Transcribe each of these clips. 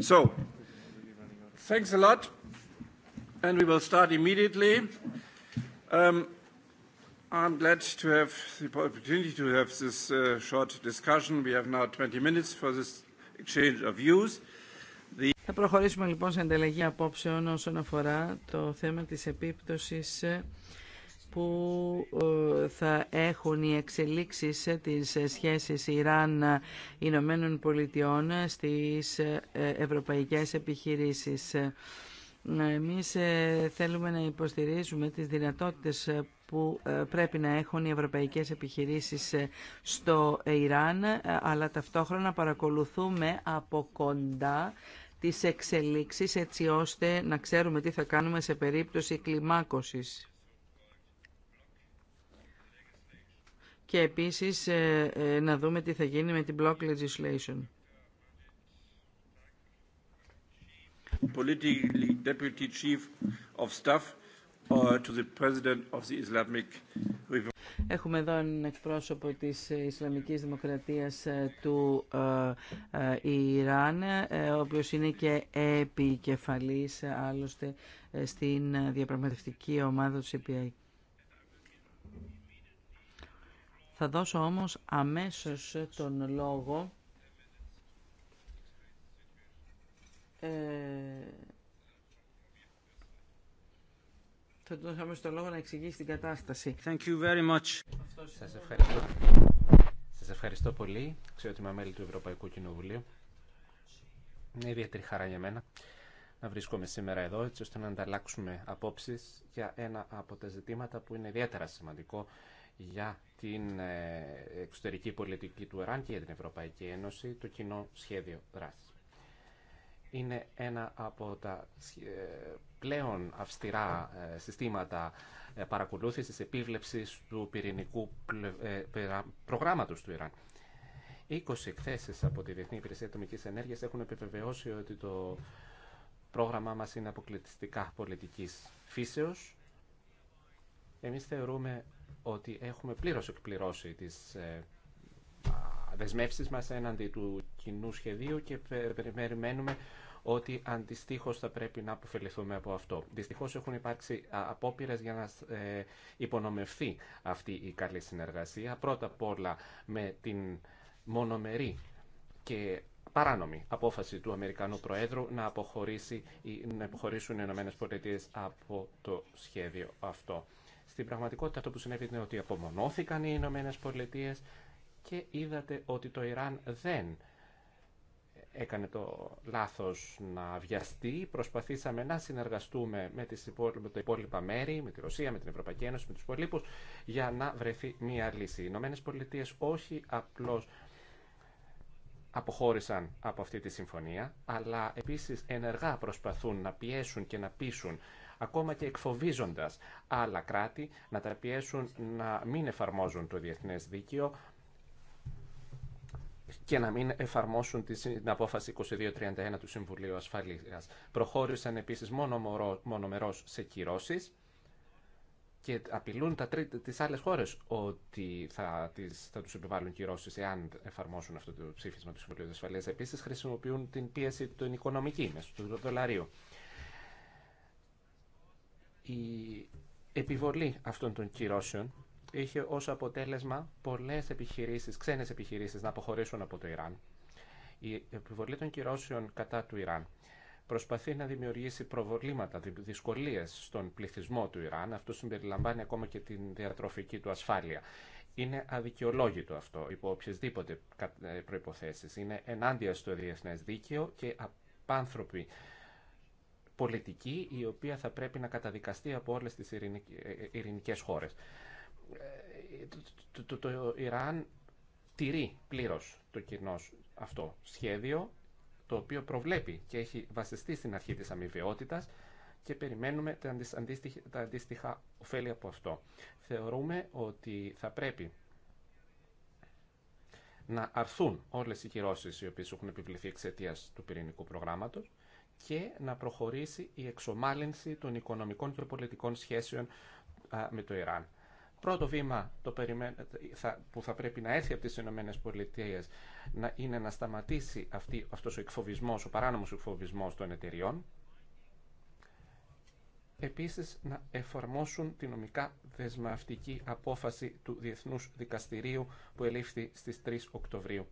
So, thanks a lot, and we will start immediately. Um, I'm glad to have the opportunity to have this short discussion. We have now 20 minutes for this exchange of views. Θα προχωρήσουμε λοιπόν σε ανταλλαγή απόψεων όσον αφορά το θέμα της επίπτωσης που ε, θα έχουν οι εξελίξεις της σχέσης Ιράν-Ηνωμένων Πολιτειών στις ε, ευρωπαϊκές επιχειρήσεις. Εμείς ε, θέλουμε να υποστηρίζουμε τις δυνατότητες που πρέπει να έχουν οι ευρωπαϊκές επιχειρήσεις στο Ιράν, αλλά ταυτόχρονα παρακολουθούμε από κοντά τις εξελίξεις έτσι ώστε να ξέρουμε τι θα κάνουμε σε περίπτωση κλιμάκωσης. και επίσης ε, ε, να δούμε τι θα γίνει με την block legislation. Deputy Chief of Staff uh, to the President of the Islamic Έχουμε εδώ έναν εκπρόσωπο της ε, Ισλαμικής Δημοκρατίας του Ιράν, ο οποίος είναι και επικεφαλής άλλωστε στην διαπραγματευτική ομάδα του ΣΥΠΙΑΙ. Θα δώσω όμως αμέσως τον λόγο ε, θα του δώσω τον λόγο να εξηγήσει την κατάσταση. Thank you very much. Σας ευχαριστώ. Σας ευχαριστώ πολύ, αξιότιμα μέλη του Ευρωπαϊκού Κοινοβουλίου. Είναι ιδιαίτερη χαρά για μένα να βρίσκομαι σήμερα εδώ, έτσι ώστε να ανταλλάξουμε απόψεις για ένα από τα ζητήματα που είναι ιδιαίτερα σημαντικό για την ε, εξωτερική πολιτική του Ιράν και για την Ευρωπαϊκή Ένωση το κοινό σχέδιο δράσης. Είναι ένα από τα ε, πλέον αυστηρά ε, συστήματα παρακολούθησης επίβλεψης του πυρηνικού προγράμματος του Ιράν. 20 εκθέσεις από τη Διεθνή Υπηρεσία Ατομικής Ενέργειας έχουν επιβεβαιώσει ότι το πρόγραμμά μας είναι αποκλειστικά πολιτικής φύσεως. Εμείς θεωρούμε ότι έχουμε πλήρως εκπληρώσει τις ε, δεσμεύσεις μας έναντι του κοινού σχεδίου και περιμένουμε ότι αντιστοίχω θα πρέπει να αποφεληθούμε από αυτό. Δυστυχώ έχουν υπάρξει απόπειρε για να ε, υπονομευθεί αυτή η καλή συνεργασία. Πρώτα απ' όλα με την μονομερή και παράνομη απόφαση του Αμερικανού Προέδρου να, να αποχωρήσουν οι ΗΠΑ από το σχέδιο αυτό στην πραγματικότητα αυτό που συνέβη είναι ότι απομονώθηκαν οι Ηνωμένε Πολιτείε και είδατε ότι το Ιράν δεν έκανε το λάθος να βιαστεί. Προσπαθήσαμε να συνεργαστούμε με, τις με τα υπόλοιπα μέρη, με τη Ρωσία, με την Ευρωπαϊκή Ένωση, με τους υπολείπους, για να βρεθεί μια λύση. Οι Ηνωμένε Πολιτείε όχι απλώς αποχώρησαν από αυτή τη συμφωνία, αλλά επίσης ενεργά προσπαθούν να πιέσουν και να πείσουν ακόμα και εκφοβίζοντας άλλα κράτη να τα πιέσουν να μην εφαρμόζουν το διεθνές δίκαιο και να μην εφαρμόσουν την απόφαση 2231 του Συμβουλίου Ασφαλείας. Προχώρησαν επίσης μόνο μονομερός σε κυρώσεις και απειλούν τα τρί, τις άλλες χώρες ότι θα, τις, θα τους επιβάλλουν κυρώσεις εάν εφαρμόσουν αυτό το ψήφισμα του Συμβουλίου Ασφαλείας. Επίσης χρησιμοποιούν την πίεση των οικονομική μέσω του δολαρίου. Η επιβολή αυτών των κυρώσεων είχε ως αποτέλεσμα πολλές επιχειρήσεις, ξένες επιχειρήσεις να αποχωρήσουν από το Ιράν. Η επιβολή των κυρώσεων κατά του Ιράν προσπαθεί να δημιουργήσει προβολήματα, δυσκολίες στον πληθυσμό του Ιράν. Αυτό συμπεριλαμβάνει ακόμα και την διατροφική του ασφάλεια. Είναι αδικαιολόγητο αυτό υπό οποιασδήποτε προϋποθέσεις. Είναι ενάντια στο διεθνές δίκαιο και απάνθρωποι πολιτική η οποία θα πρέπει να καταδικαστεί από όλες τις ε, ειρηνικές χώρες. Ε, το, Ιράν τηρεί πλήρως το κοινό αυτό σχέδιο, το οποίο προβλέπει και έχει βασιστεί στην αρχή της αμοιβαιότητας και περιμένουμε τα αντίστοιχα ωφέλη από αυτό. Θεωρούμε ότι θα πρέπει να αρθούν όλες οι κυρώσεις οι οποίες έχουν επιβληθεί εξαιτία του πυρηνικού προγράμματος και να προχωρήσει η εξομάλυνση των οικονομικών και πολιτικών σχέσεων με το Ιράν. Πρώτο βήμα το που θα πρέπει να έρθει από τις ΗΠΑ να είναι να σταματήσει αυτή, αυτός ο εκφοβισμός, ο παράνομος εκφοβισμός των εταιριών. Επίσης να εφαρμόσουν τη νομικά δεσμευτική απόφαση του Διεθνούς Δικαστηρίου που ελήφθη στις 3 Οκτωβρίου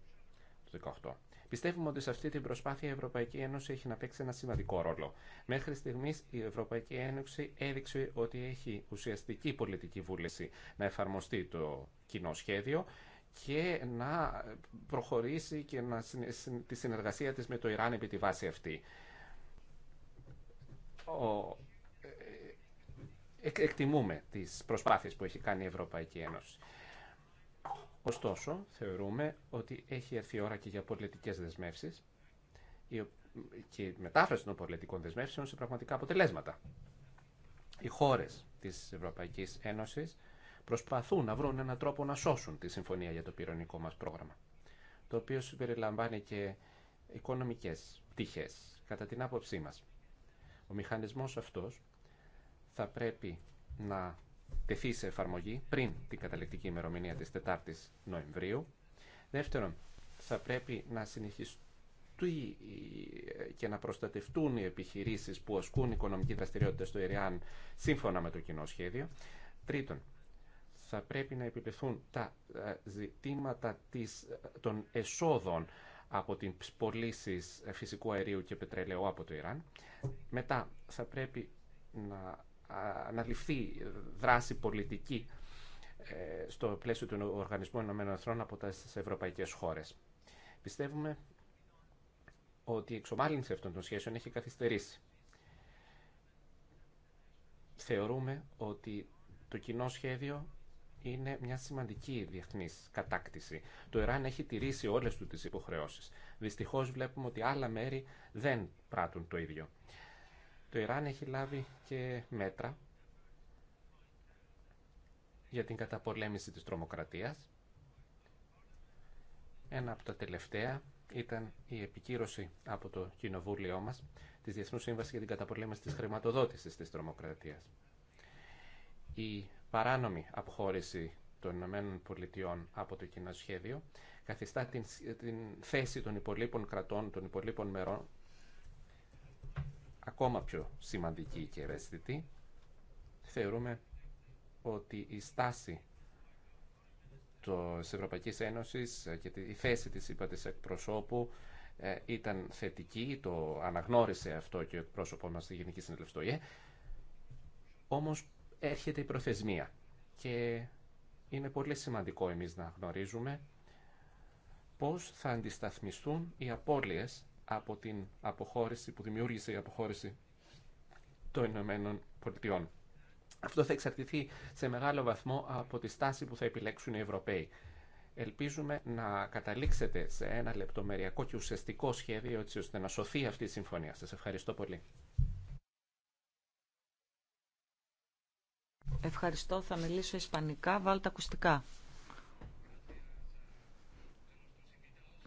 του 2018. Πιστεύουμε ότι σε αυτή την προσπάθεια η Ευρωπαϊκή Ένωση έχει να παίξει ένα σημαντικό ρόλο. Μέχρι στιγμή η Ευρωπαϊκή Ένωση έδειξε ότι έχει ουσιαστική πολιτική βούληση να εφαρμοστεί το κοινό σχέδιο και να προχωρήσει και να, τη συνεργασία της με το Ιράν επί τη βάση αυτή. Ε, ε, εκτιμούμε τις προσπάθειες που έχει κάνει η Ευρωπαϊκή Ένωση. Ωστόσο, θεωρούμε ότι έχει έρθει η ώρα και για πολιτικέ δεσμεύσει και η μετάφραση των πολιτικών δεσμεύσεων σε πραγματικά αποτελέσματα. Οι χώρε τη Ευρωπαϊκή Ένωση προσπαθούν να βρουν έναν τρόπο να σώσουν τη συμφωνία για το πυρονικό μα πρόγραμμα, το οποίο συμπεριλαμβάνει και οικονομικέ πτυχέ, κατά την άποψή μα. Ο μηχανισμό αυτό θα πρέπει να τεθεί σε εφαρμογή πριν την καταληκτική ημερομηνία της 4 η Νοεμβρίου. Δεύτερον, θα πρέπει να συνεχιστούν και να προστατευτούν οι επιχειρήσεις που ασκούν οικονομική δραστηριότητα στο Ιριάν σύμφωνα με το κοινό σχέδιο. Τρίτον, θα πρέπει να επιπεθούν τα ε, ζητήματα της, ε, των εσόδων από την πωλήσει ε, φυσικού αερίου και πετρελαίου από το Ιράν. Μετά θα πρέπει να αναλυφθεί δράση πολιτική ε, στο πλαίσιο του Οργανισμού Ενωμένων από τις ευρωπαϊκές χώρες. Πιστεύουμε ότι η εξομάλυνση αυτών των σχέσεων έχει καθυστερήσει. Θεωρούμε ότι το κοινό σχέδιο είναι μια σημαντική διεθνή κατάκτηση. Το Ιράν έχει τηρήσει όλες του τι υποχρεώσει. Δυστυχώ βλέπουμε ότι άλλα μέρη δεν πράττουν το ίδιο. Το Ιράν έχει λάβει και μέτρα για την καταπολέμηση της τρομοκρατίας. Ένα από τα τελευταία ήταν η επικύρωση από το κοινοβούλιο μας της Διεθνούς Σύμβασης για την καταπολέμηση της χρηματοδότησης της τρομοκρατίας. Η παράνομη αποχώρηση των Ηνωμένων Πολιτειών από το κοινό σχέδιο καθιστά την, την θέση των υπολείπων κρατών, των υπολείπων μερών ακόμα πιο σημαντική και ευαίσθητη. Θεωρούμε ότι η στάση της Ευρωπαϊκής Ένωσης ε, και η θέση της είπα της εκπροσώπου ε, ήταν θετική, το αναγνώρισε αυτό και ο εκπρόσωπό μας στη Γενική Συνελευστό ΙΕ, όμως έρχεται η προθεσμία και είναι πολύ σημαντικό εμείς να γνωρίζουμε πώς θα αντισταθμιστούν οι απώλειες από την αποχώρηση που δημιούργησε η αποχώρηση των Ηνωμένων Πολιτειών. Αυτό θα εξαρτηθεί σε μεγάλο βαθμό από τη στάση που θα επιλέξουν οι Ευρωπαίοι. Ελπίζουμε να καταλήξετε σε ένα λεπτομεριακό και ουσιαστικό σχέδιο έτσι ώστε να σωθεί αυτή η συμφωνία. Σας ευχαριστώ πολύ. Ευχαριστώ. Θα μιλήσω ισπανικά. Βάλτε ακουστικά.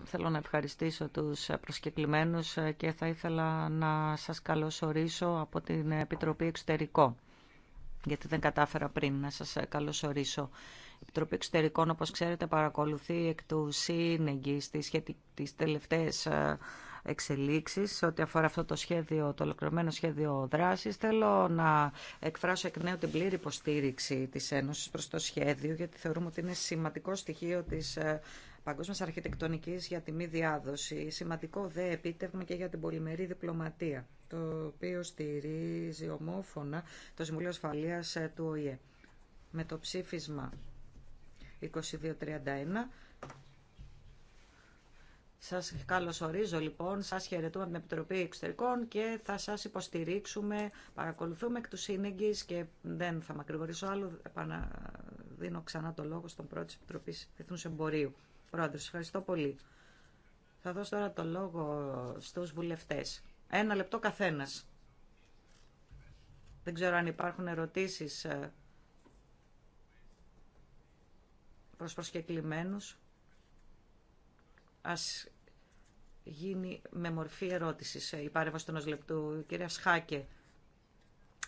Θέλω να ευχαριστήσω τους προσκεκλημένους και θα ήθελα να σας καλωσορίσω από την Επιτροπή Εξωτερικό, γιατί δεν κατάφερα πριν να σας καλωσορίσω. Η Επιτροπή Εξωτερικών, όπως ξέρετε, παρακολουθεί εκ του σύνεγγυ τις τελευταίες ε, εξελίξεις ό,τι αφορά αυτό το σχέδιο, το ολοκληρωμένο σχέδιο δράσης. Θέλω να εκφράσω εκ νέου την πλήρη υποστήριξη της Ένωσης προς το σχέδιο, γιατί θεωρούμε ότι είναι σημαντικό στοιχείο της ε, παγκόσμιας αρχιτεκτονικής για τη μη διάδοση. Σημαντικό δε επίτευγμα και για την πολυμερή διπλωματία, το οποίο στηρίζει ομόφωνα το Συμβούλιο ασφαλεία ε, του ΟΗΕ. Με το ψήφισμα 2231 σας καλωσορίζω λοιπόν, σας χαιρετούμε από την Επιτροπή Εξωτερικών και θα σας υποστηρίξουμε, παρακολουθούμε εκ του και δεν θα μακρηγορήσω άλλο, επαναδίνω ξανά το λόγο στον πρώτη της Επιτροπής Εμπορίου. Πρόεδρος, ευχαριστώ πολύ. Θα δώσω τώρα το λόγο στους βουλευτές. Ένα λεπτό καθένας. Δεν ξέρω αν υπάρχουν ερωτήσεις ε, προς προσκεκλημένους. Ας γίνει με μορφή ερώτησης ε, η παρέμβαση του λεπτού. Κυρία Σχάκε,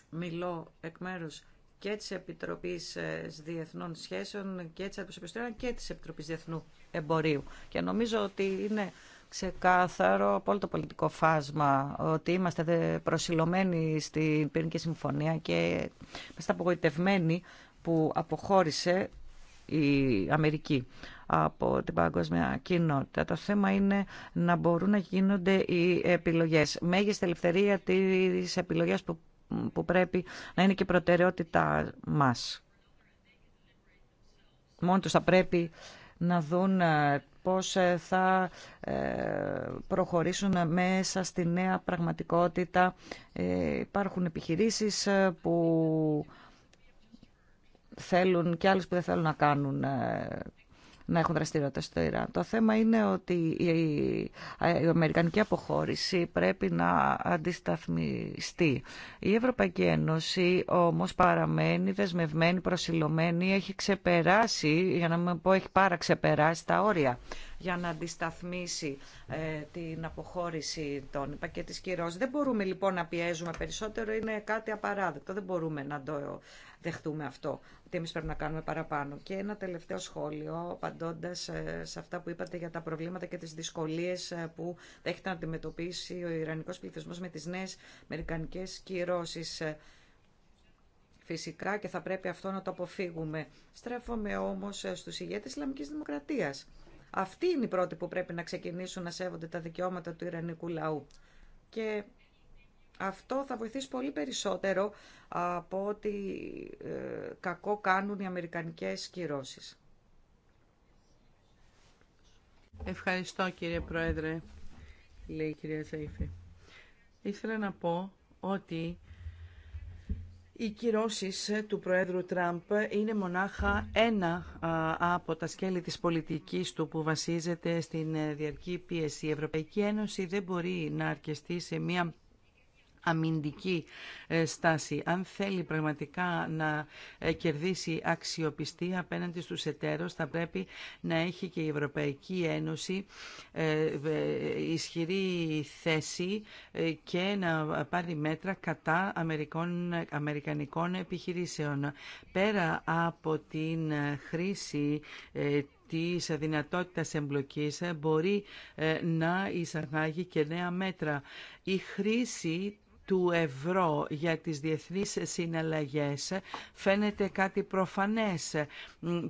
μιλώ εκ μέρους και της Επιτροπής ε, Διεθνών Σχέσεων και της και της Επιτροπής Διεθνού και νομίζω ότι είναι ξεκάθαρο από όλο το πολιτικό φάσμα ότι είμαστε προσιλωμένοι στην πυρηνική συμφωνία και είμαστε απογοητευμένοι που αποχώρησε η Αμερική από την παγκόσμια κοινότητα. Το θέμα είναι να μπορούν να γίνονται οι επιλογές. Μέγιστη ελευθερία της επιλογές που, πρέπει να είναι και προτεραιότητα μας. Μόνο τους θα πρέπει να δουν ε, πώς ε, θα ε, προχωρήσουν μέσα στη νέα πραγματικότητα. Υπάρχουν επιχειρήσεις που θέλουν και άλλες που δεν θέλουν να κάνουν να έχουν δραστηριότητα στο Ιράν. Το θέμα είναι ότι η Αμερικανική αποχώρηση πρέπει να αντισταθμιστεί. Η Ευρωπαϊκή Ένωση όμως παραμένει δεσμευμένη, προσιλωμένη, έχει ξεπεράσει, για να μην πω έχει πάρα ξεπεράσει τα όρια για να αντισταθμίσει ε, την αποχώρηση των πακέτης κυρώσεων. Δεν μπορούμε λοιπόν να πιέζουμε περισσότερο, είναι κάτι απαράδεκτο, δεν μπορούμε να το δεχτούμε αυτό, ότι εμεί πρέπει να κάνουμε παραπάνω. Και ένα τελευταίο σχόλιο, απαντώντα ε, σε αυτά που είπατε για τα προβλήματα και τι δυσκολίε ε, που έχετε να αντιμετωπίσει ο ιρανικό πληθυσμό με τι νέε Αμερικανικέ κυρώσει φυσικά και θα πρέπει αυτό να το αποφύγουμε. Στρέφομαι όμως στους ηγέτες Ισλαμικής δημοκρατία. Αυτοί είναι οι πρώτοι που πρέπει να ξεκινήσουν να σέβονται τα δικαιώματα του Ιρανικού λαού. Και αυτό θα βοηθήσει πολύ περισσότερο από ότι ε, κακό κάνουν οι αμερικανικές κυρώσεις. Ευχαριστώ κύριε Πρόεδρε, λέει η κυρία Ζαήφη. Ήθελα να πω ότι οι κυρώσεις του Προέδρου Τραμπ είναι μονάχα ένα από τα σκέλη της πολιτικής του που βασίζεται στην ε, διαρκή πίεση. Η Ευρωπαϊκή Ένωση δεν μπορεί να αρκεστεί σε μια αμυντική ε, στάση. Αν θέλει πραγματικά να ε, κερδίσει αξιοπιστία απέναντι στους εταίρους, θα πρέπει να έχει και η Ευρωπαϊκή Ένωση ε, ισχυρή θέση και να πάρει μέτρα κατά Αμερικών, αμερικανικών επιχειρήσεων. Πέρα από την χρήση της δυνατότητας εμπλοκής μπορεί να εισαγάγει και νέα μέτρα. Η χρήση του ευρώ για τις διεθνείς συναλλαγές φαίνεται κάτι προφανές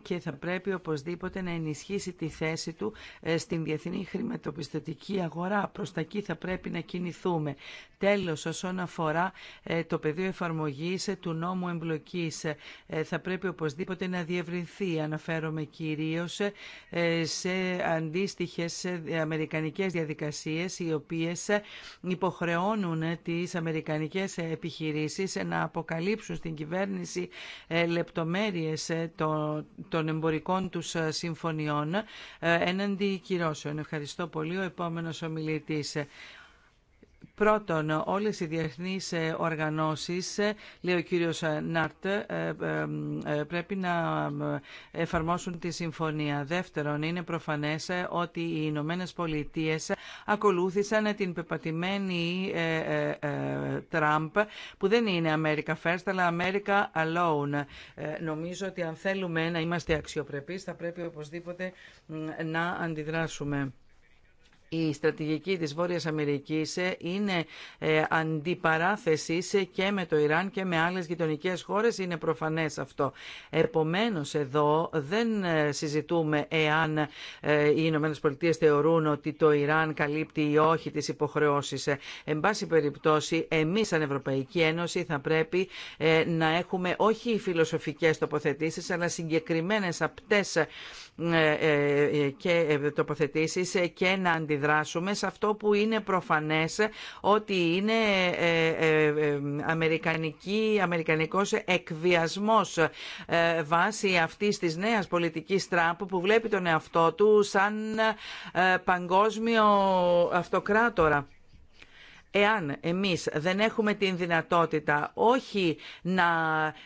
και θα πρέπει οπωσδήποτε να ενισχύσει τη θέση του ε, στην διεθνή χρηματοπιστωτική αγορά. Προς τα εκεί θα πρέπει να κινηθούμε. Τέλος, όσον αφορά ε, το πεδίο εφαρμογής ε, του νόμου εμπλοκής, θα πρέπει οπωσδήποτε να διευρυνθεί. Αναφέρομαι κυρίως σε αντίστοιχες αμερικανικές διαδικασίες οι οποίες υποχρεώνουν τις Αμερικανικές αμερικανικές επιχειρήσεις να αποκαλύψουν στην κυβέρνηση ε, λεπτομέρειες ε, των εμπορικών τους ε, συμφωνιών έναντι κυρώσεων. Ευχαριστώ πολύ. Ο επόμενος ομιλητής. Πρώτον, όλες οι διεθνείς ε, οργανώσεις, ε, λέει ο κύριος Νάρτ, ε, πρέπει να εφαρμόσουν τη συμφωνία. Δεύτερον, είναι προφανές ότι οι Ηνωμένε Πολιτείε ακολούθησαν την πεπατημένη Τραμπ, που δεν είναι America First, αλλά America Alone. Νομίζω ότι αν θέλουμε να είμαστε αξιοπρεπείς, θα πρέπει οπωσδήποτε να αντιδράσουμε η στρατηγική της Βόρειας Αμερικής ε, είναι ε, αντιπαράθεση και με το Ιράν και με άλλες γειτονικές χώρες, είναι προφανές αυτό. Επομένως εδώ δεν ε, συζητούμε εάν οι Ηνωμένε Πολιτείε θεωρούν ότι το Ιράν καλύπτει ή όχι τις υποχρεώσεις. Εν πάση περιπτώσει, εμείς σαν Ευρωπαϊκή Ένωση θα πρέπει να έχουμε όχι φιλοσοφικές τοποθετήσεις, αλλά συγκεκριμένες απτές και τοποθετήσεις και να αντιδράσουμε αντιδράσουμε σε αυτό που είναι προφανές ότι είναι ε, ε, ε, αμερικανική, αμερικανικός εκβιασμός βάσει αυτής της νέας πολιτικής Τραμπ που βλέπει τον εαυτό του σαν παγκόσμιο αυτοκράτορα εάν εμείς δεν έχουμε την δυνατότητα όχι να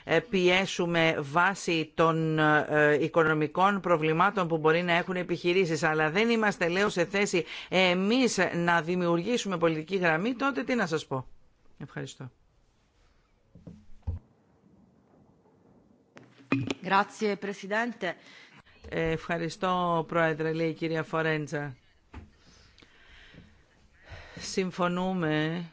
ε, πιέσουμε βάσει των ε, οικονομικών προβλημάτων που μπορεί να έχουν επιχειρήσεις, αλλά δεν είμαστε, λέω, σε θέση εμείς να δημιουργήσουμε πολιτική γραμμή, τότε τι να σας πω. Ευχαριστώ. Ε, ευχαριστώ, Πρόεδρε, λέει η κυρία Φορέντζα συμφωνούμε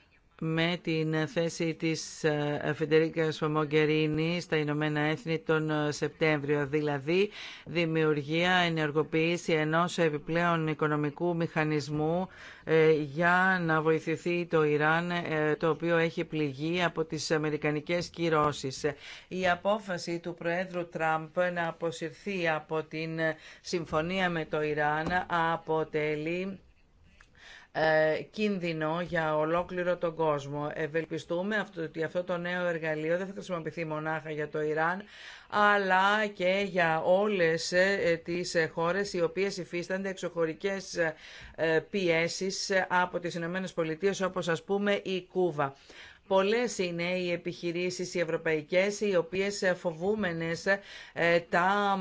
με την θέση της ε, Φεντερίκας Μογκερίνη στα Ηνωμένα Έθνη τον ε, Σεπτέμβριο, δηλαδή δημιουργία, ενεργοποίηση ενός επιπλέον οικονομικού μηχανισμού ε, για να βοηθηθεί το Ιράν, το οποίο έχει πληγεί από τις αμερικανικές κυρώσεις. Η απόφαση του Προέδρου Τραμπ να αποσυρθεί από την συμφωνία με το Ιράν αποτελεί ε, κίνδυνο για ολόκληρο τον κόσμο. Ευελπιστούμε ότι αυτό το νέο εργαλείο δεν θα χρησιμοποιηθεί μονάχα για το Ιράν, αλλά και για όλες ε, τις χώρες οι οποίες υφίστανται εξωχωρικές ε, πιέσεις από τις Ηνωμένες Πολιτείες, όπως ας πούμε η Κούβα. Πολλές είναι οι επιχειρήσεις οι ευρωπαϊκές οι οποίες φοβούμενες ε, τα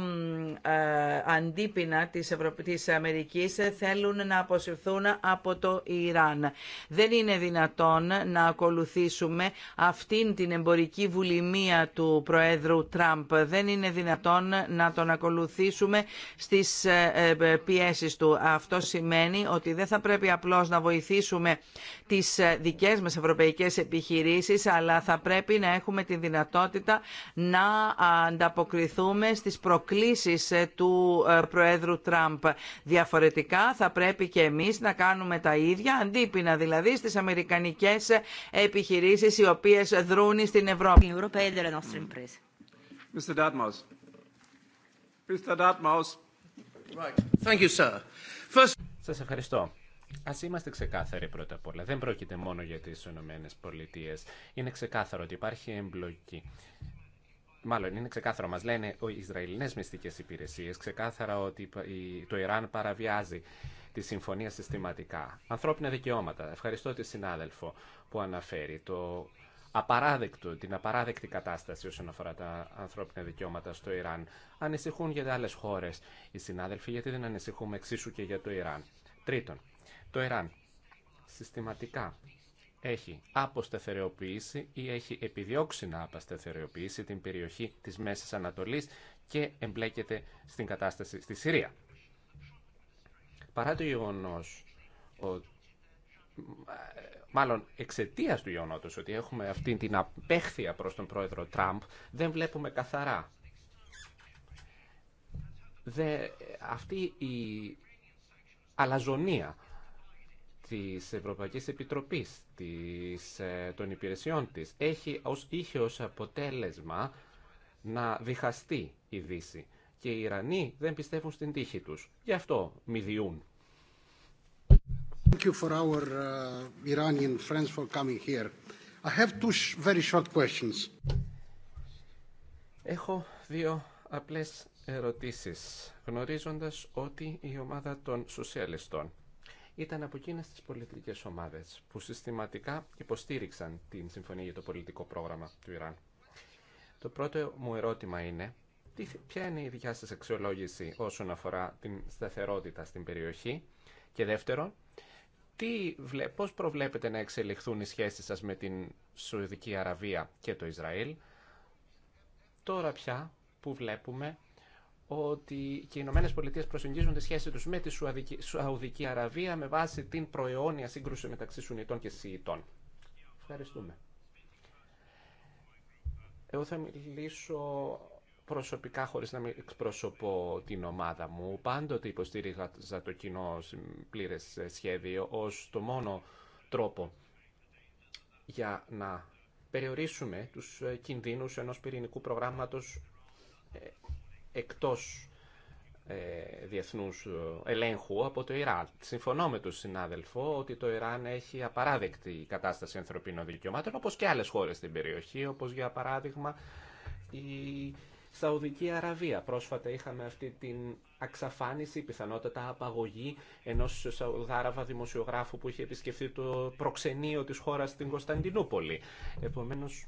ε, αντίπεινα της, Ευρω... Αμερικής θέλουν να αποσυρθούν από το Ιράν. Δεν είναι δυνατόν να ακολουθήσουμε αυτήν την εμπορική βουλημία του Προέδρου Τραμπ. Δεν είναι δυνατόν να τον ακολουθήσουμε στις ε, πιέσεις του. Αυτό σημαίνει ότι δεν θα πρέπει απλώς να βοηθήσουμε τις δικές μας ευρωπαϊκές επιχειρήσεις επιχειρήσεις, αλλά θα πρέπει να έχουμε τη δυνατότητα να ανταποκριθούμε στις προκλήσεις ε, του ε, Προέδρου Τραμπ. Διαφορετικά θα πρέπει και εμείς να κάνουμε τα ίδια, αντίπεινα δηλαδή στις αμερικανικές ε, επιχειρήσεις οι οποίες δρούν στην Ευρώπη. Οι Mr. Mr. ευχαριστώ. Α είμαστε ξεκάθαροι πρώτα απ' όλα. Δεν πρόκειται μόνο για τι ΗΠΑ. Είναι ξεκάθαρο ότι υπάρχει εμπλοκή. Μάλλον είναι ξεκάθαρο, μα λένε οι Ισραηλινέ μυστικέ υπηρεσίε, ξεκάθαρα ότι το Ιράν παραβιάζει τη συμφωνία συστηματικά. Ανθρώπινα δικαιώματα. Ευχαριστώ τη συνάδελφο που αναφέρει το απαράδεκτο, την απαράδεκτη κατάσταση όσον αφορά τα ανθρώπινα δικαιώματα στο Ιράν. Ανησυχούν για άλλε χώρε οι συνάδελφοι, γιατί δεν ανησυχούμε εξίσου και για το Ιράν. Τρίτον, το Ιράν συστηματικά έχει αποστεθερεοποιήσει ή έχει επιδιώξει να απαστεθερεοποιήσει την περιοχή της Μέσης Ανατολής και εμπλέκεται στην κατάσταση στη Συρία. Παρά το γεγονό μάλλον εξαιτία του γεγονότος ότι έχουμε αυτή την απέχθεια προς τον πρόεδρο Τραμπ, δεν βλέπουμε καθαρά. Δε, αυτή η αλαζονία της Ευρωπαϊκής Επιτροπής, ε, των υπηρεσιών της, έχει ως, είχε ως αποτέλεσμα να διχαστεί η Δύση. Και οι Ιρανοί δεν πιστεύουν στην τύχη τους. Γι' αυτό μη Thank you for our uh, Iranian friends for coming here. I have two very short questions. Έχω δύο απλές ερωτήσεις, γνωρίζοντας ότι η ομάδα των σοσιαλιστών ήταν από εκείνες τις πολιτικές ομάδες που συστηματικά υποστήριξαν την Συμφωνία για το Πολιτικό Πρόγραμμα του Ιράν. Το πρώτο μου ερώτημα είναι, ποια είναι η δικιά σας αξιολόγηση όσον αφορά την σταθερότητα στην περιοχή και δεύτερον, τι, πώς προβλέπετε να εξελιχθούν οι σχέσεις σας με την Σουηδική Αραβία και το Ισραήλ, τώρα πια που βλέπουμε ότι και οι Ηνωμένε Πολιτείε προσεγγίζουν τη σχέση του με τη Σουαουδική Αραβία με βάση την προαιώνια σύγκρουση μεταξύ Σουνιτών και Σιητών. Ευχαριστούμε. Εγώ θα μιλήσω προσωπικά χωρίς να μην εκπροσωπώ την ομάδα μου. Πάντοτε υποστήριζα το κοινό πλήρες σχέδιο ως το μόνο τρόπο για να περιορίσουμε τους ε, κινδύνους ενός πυρηνικού προγράμματος ε, εκτός ε, διεθνούς ε, ελέγχου από το Ιράν. Συμφωνώ με τον συνάδελφο ότι το Ιράν έχει απαράδεκτη κατάσταση ανθρωπίνων δικαιωμάτων, όπως και άλλες χώρες στην περιοχή, όπως για παράδειγμα η Σαουδική Αραβία. Πρόσφατα είχαμε αυτή την αξαφάνιση, πιθανότατα απαγωγή ενός Σαουδάραβα δημοσιογράφου που είχε επισκεφθεί το προξενείο της χώρας στην Κωνσταντινούπολη. Επομένως,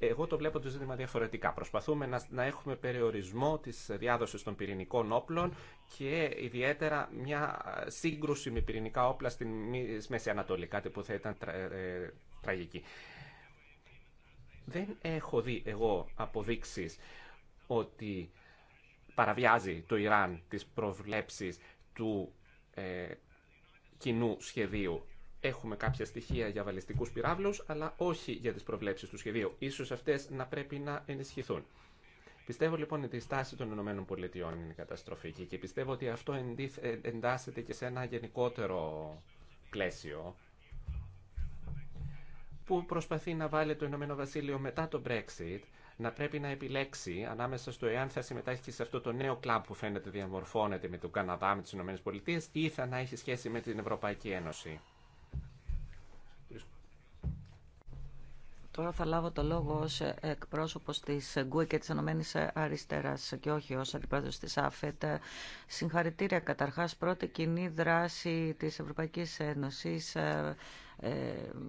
εγώ το βλέπω το ζήτημα διαφορετικά. Προσπαθούμε να, να έχουμε περιορισμό τη διάδοση των πυρηνικών όπλων και ιδιαίτερα μια σύγκρουση με πυρηνικά όπλα στη Μέση Ανατολή, κάτι που θα ήταν ε, τραγική. Δεν έχω δει εγώ αποδείξεις ότι παραβιάζει το Ιράν τις προβλέψεις του ε, κοινού σχεδίου έχουμε κάποια στοιχεία για βαλιστικούς πυράβλους, αλλά όχι για τις προβλέψεις του σχεδίου. Ίσως αυτές να πρέπει να ενισχυθούν. Πιστεύω λοιπόν ότι η στάση των ΗΠΑ είναι καταστροφική και πιστεύω ότι αυτό ε, εντάσσεται και σε ένα γενικότερο πλαίσιο που προσπαθεί να βάλει το Ηνωμένο Βασίλειο μετά το Brexit να πρέπει να επιλέξει ανάμεσα στο εάν θα συμμετάσχει σε αυτό το νέο κλαμπ που φαίνεται διαμορφώνεται με τον Καναδά, με τις ΗΠΑ ή θα να έχει σχέση με την Ευρωπαϊκή Ένωση. Τώρα θα λάβω το λόγο ως εκπρόσωπος της Γκουε και της Ενωμένης Αριστεράς και όχι ως αντιπρόεδρος της ΑΦΕΤ. Συγχαρητήρια καταρχάς πρώτη κοινή δράση της Ευρωπαϊκής Ένωσης ε, ε,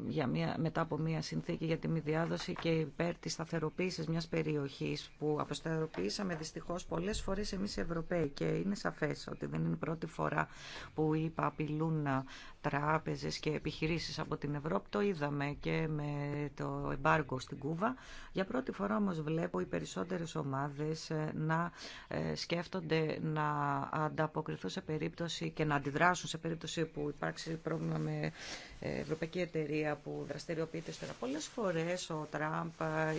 για μια, μετά από μια συνθήκη για τη μη διάδοση και υπέρ της σταθεροποίησης μιας περιοχής που αποσταθεροποιήσαμε δυστυχώς πολλές φορές εμείς οι Ευρωπαίοι και είναι σαφές ότι δεν είναι η πρώτη φορά που είπα απειλούν ε, τράπεζες και επιχειρήσεις από την Ευρώπη. Το είδαμε και με το εμπάργκο στην Κούβα. Για πρώτη φορά όμως βλέπω οι περισσότερες ομάδες ε, να ε, σκέφτονται να ανταποκριθούν σε περίπτωση και να αντιδράσουν σε περίπτωση που υπάρξει πρόβλημα με ε, ευρωπαϊκή εταιρεία που δραστηριοποιείται στερα. Πολλές φορές ο Τραμπ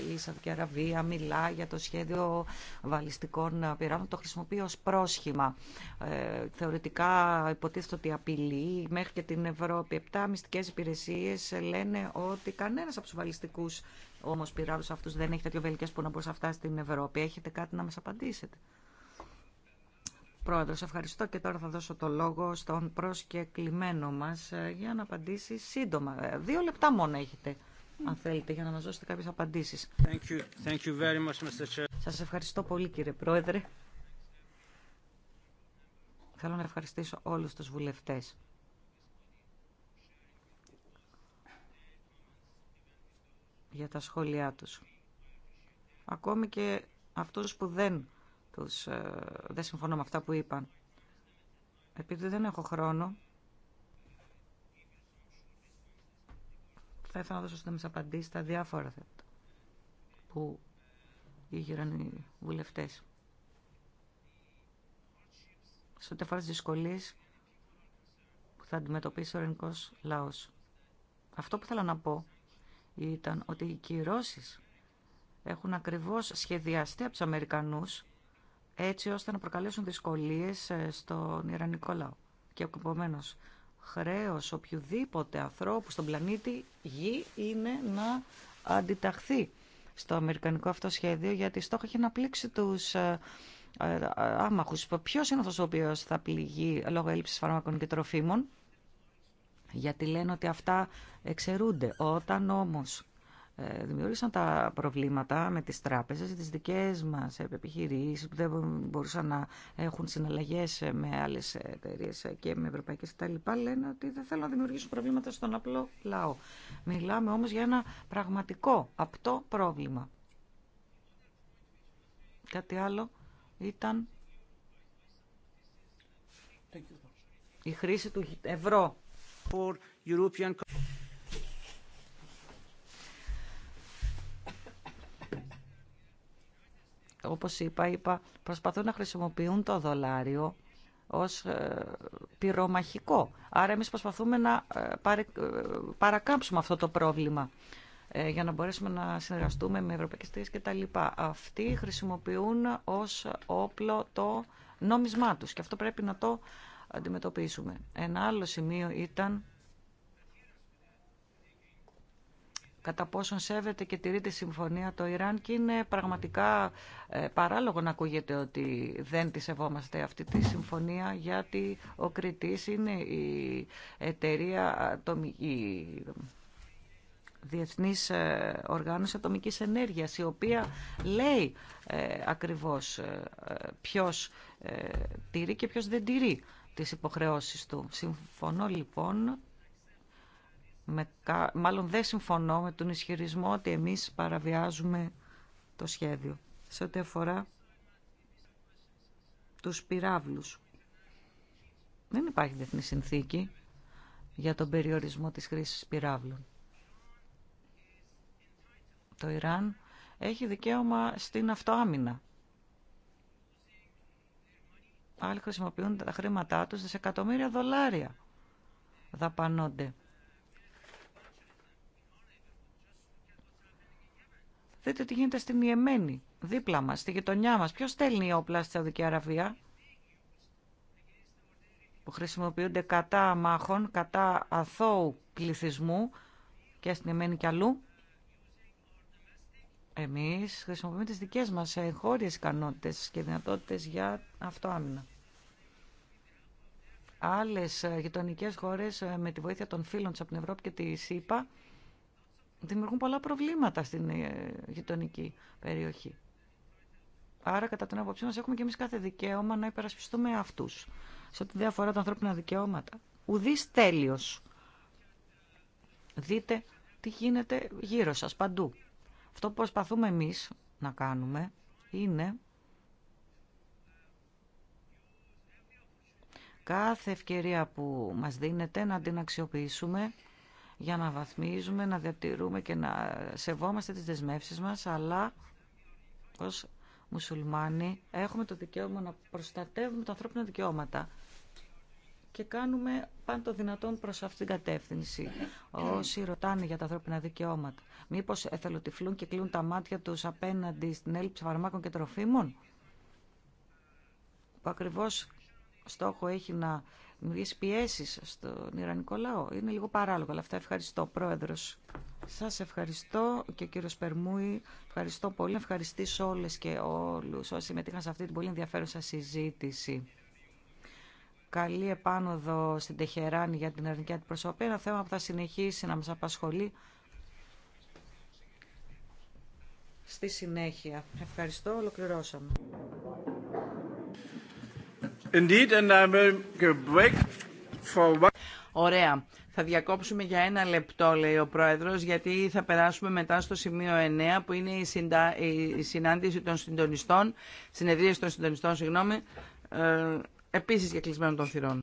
ή η Σαουδική Αραβία μιλά για το σχέδιο βαλιστικών πυράβλων, το χρησιμοποιεί ως πρόσχημα. θεωρητικά υποτίθεται ότι απειλεί μέχρι και την Ευρώπη. Επτά μυστικέ υπηρεσίε. λένε ότι κανένα από του βαλιστικού όμω πυράβλου αυτού, δεν έχει τέτοιο βελικές που να μπορούσε να φτάσει στην Ευρώπη. Έχετε κάτι να μα απαντήσετε. Πρόεδρο, ευχαριστώ και τώρα θα δώσω το λόγο στον προσκεκλημένο μας ε, για να απαντήσει σύντομα. Ε, δύο λεπτά μόνο έχετε αν θέλετε, για να μας δώσετε κάποιες απαντήσεις. Thank you. Thank you very much, Mr. Σας ευχαριστώ πολύ, κύριε Πρόεδρε. Θέλω να ευχαριστήσω όλους τους βουλευτές για τα σχόλιά τους. Ακόμη και αυτούς που δεν, τους, ε, δεν συμφωνώ με αυτά που είπαν. Επειδή δεν έχω χρόνο, θα ήθελα να δώσω στις απαντήσεις στα διάφορα θέματα που ήγηραν οι βουλευτές. Σε ό,τι αφορά τις που θα αντιμετωπίσει ο ελληνικός λαός. Αυτό που θέλω να πω ήταν ότι οι κυρώσεις έχουν ακριβώς σχεδιαστεί από του Αμερικανούς έτσι ώστε να προκαλέσουν δυσκολίες ε, στον Ιρανικό λαό. Και επομένω, χρέος οποιοδήποτε ανθρώπου στον πλανήτη γη είναι να αντιταχθεί στο Αμερικανικό αυτό σχέδιο γιατί στόχο έχει να πλήξει τους ε, ε, άμαχους. Ποιος είναι αυτό ο οποίο θα πληγεί λόγω έλλειψη φαρμακών και τροφίμων γιατί λένε ότι αυτά εξαιρούνται. Όταν όμως ε, δημιούργησαν τα προβλήματα με τις τράπεζες, τις δικές μας επιχειρήσεις που δεν μπορούσαν να έχουν συναλλαγές με άλλες εταιρείε και με ευρωπαϊκές κτλ. Λένε ότι δεν θέλουν να δημιουργήσουν προβλήματα στον απλό λαό. Μιλάμε όμως για ένα πραγματικό, απτό πρόβλημα. Κάτι άλλο ήταν η χρήση του ευρώ for European Όπως είπα, είπα, προσπαθούν να χρησιμοποιούν το δολάριο ως ε, πυρομαχικό. Άρα εμείς προσπαθούμε να ε, ε, παρακάμψουμε αυτό το πρόβλημα για να μπορέσουμε να συνεργαστούμε με ευρωπαϊκές και τα λοιπά. Αυτοί χρησιμοποιούν ως όπλο το νόμισμά τους και αυτό πρέπει να το αντιμετωπίσουμε. Ένα άλλο σημείο ήταν κατά πόσον σέβεται και τηρεί τη συμφωνία το Ιράν και είναι πραγματικά ε, παράλογο να ακούγεται ότι δεν τη σεβόμαστε αυτή τη συμφωνία γιατί ο Κρητής είναι η εταιρεία η Διεθνής ε, Οργάνωση Ατομικής Ενέργειας η οποία λέει ε, ακριβώς ποιος τηρεί και ποιος δεν τηρεί τις υποχρεώσεις του. Συμφωνώ λοιπόν, με, μάλλον δεν συμφωνώ με τον ισχυρισμό ότι εμείς παραβιάζουμε το σχέδιο. Σε ό,τι αφορά τους πυράβλους. Δεν υπάρχει διεθνή συνθήκη για τον περιορισμό της χρήσης πυράβλων. Το Ιράν έχει δικαίωμα στην αυτοάμυνα. Άλλοι χρησιμοποιούν τα χρήματά τους, δισεκατομμύρια δολάρια δαπανώνται. Δείτε τι γίνεται στην Ιεμένη, δίπλα μας, στη γειτονιά μας. Ποιος στέλνει όπλα στη Σαουδική Αραβία που χρησιμοποιούνται κατά αμάχων, κατά αθώου πληθυσμού και στην Ιεμένη και αλλού. Εμείς χρησιμοποιούμε τις δικές μας εγχώριες ικανότητες και δυνατότητες για αυτοάμυνα. Άλλες γειτονικέ χώρες ε, με τη βοήθεια των φίλων της από την Ευρώπη και τη ΣΥΠΑ δημιουργούν πολλά προβλήματα στην ε, γειτονική περιοχή. Άρα, κατά την άποψή μας έχουμε και εμείς κάθε δικαίωμα να υπερασπιστούμε αυτούς Σε ό,τι αφορά τα ανθρώπινα δικαιώματα. Ουδής τέλειο. Δείτε τι γίνεται γύρω σας, παντού. Αυτό που προσπαθούμε εμείς να κάνουμε είναι κάθε ευκαιρία που μας δίνεται να την αξιοποιήσουμε για να βαθμίζουμε, να διατηρούμε και να σεβόμαστε τις δεσμεύσεις μας, αλλά ως μουσουλμάνοι έχουμε το δικαίωμα να προστατεύουμε τα ανθρώπινα δικαιώματα και κάνουμε πάντα το δυνατόν προς αυτήν την κατεύθυνση. Όσοι ρωτάνε για τα ανθρώπινα δικαιώματα, μήπως εθελοτυφλούν και κλείνουν τα μάτια τους απέναντι στην έλλειψη φαρμάκων και τροφίμων, που ακριβώς στόχο έχει να δημιουργήσει πιέσει στον Ιρανικό λαό. Είναι λίγο παράλογο, αλλά αυτά ευχαριστώ, Πρόεδρο. Σα ευχαριστώ και κύριο Περμούη. Ευχαριστώ πολύ. Ευχαριστήσω όλε και όλου όσοι συμμετείχαν σε αυτή την πολύ ενδιαφέρουσα συζήτηση καλή επάνωδο στην Τεχεράνη για την αρνητική αντιπροσωπεία, ένα θέμα που θα συνεχίσει να μας απασχολεί στη συνέχεια. Ευχαριστώ, ολοκληρώσαμε. Indeed, and Ωραία. Θα διακόψουμε για ένα λεπτό, λέει ο Πρόεδρος, γιατί θα περάσουμε μετά στο σημείο 9, που είναι η, η συνάντηση των συντονιστών, συνεδρίαση των συντονιστών, συγγνώμη, ε, επίσης για κλεισμένο των θυρών.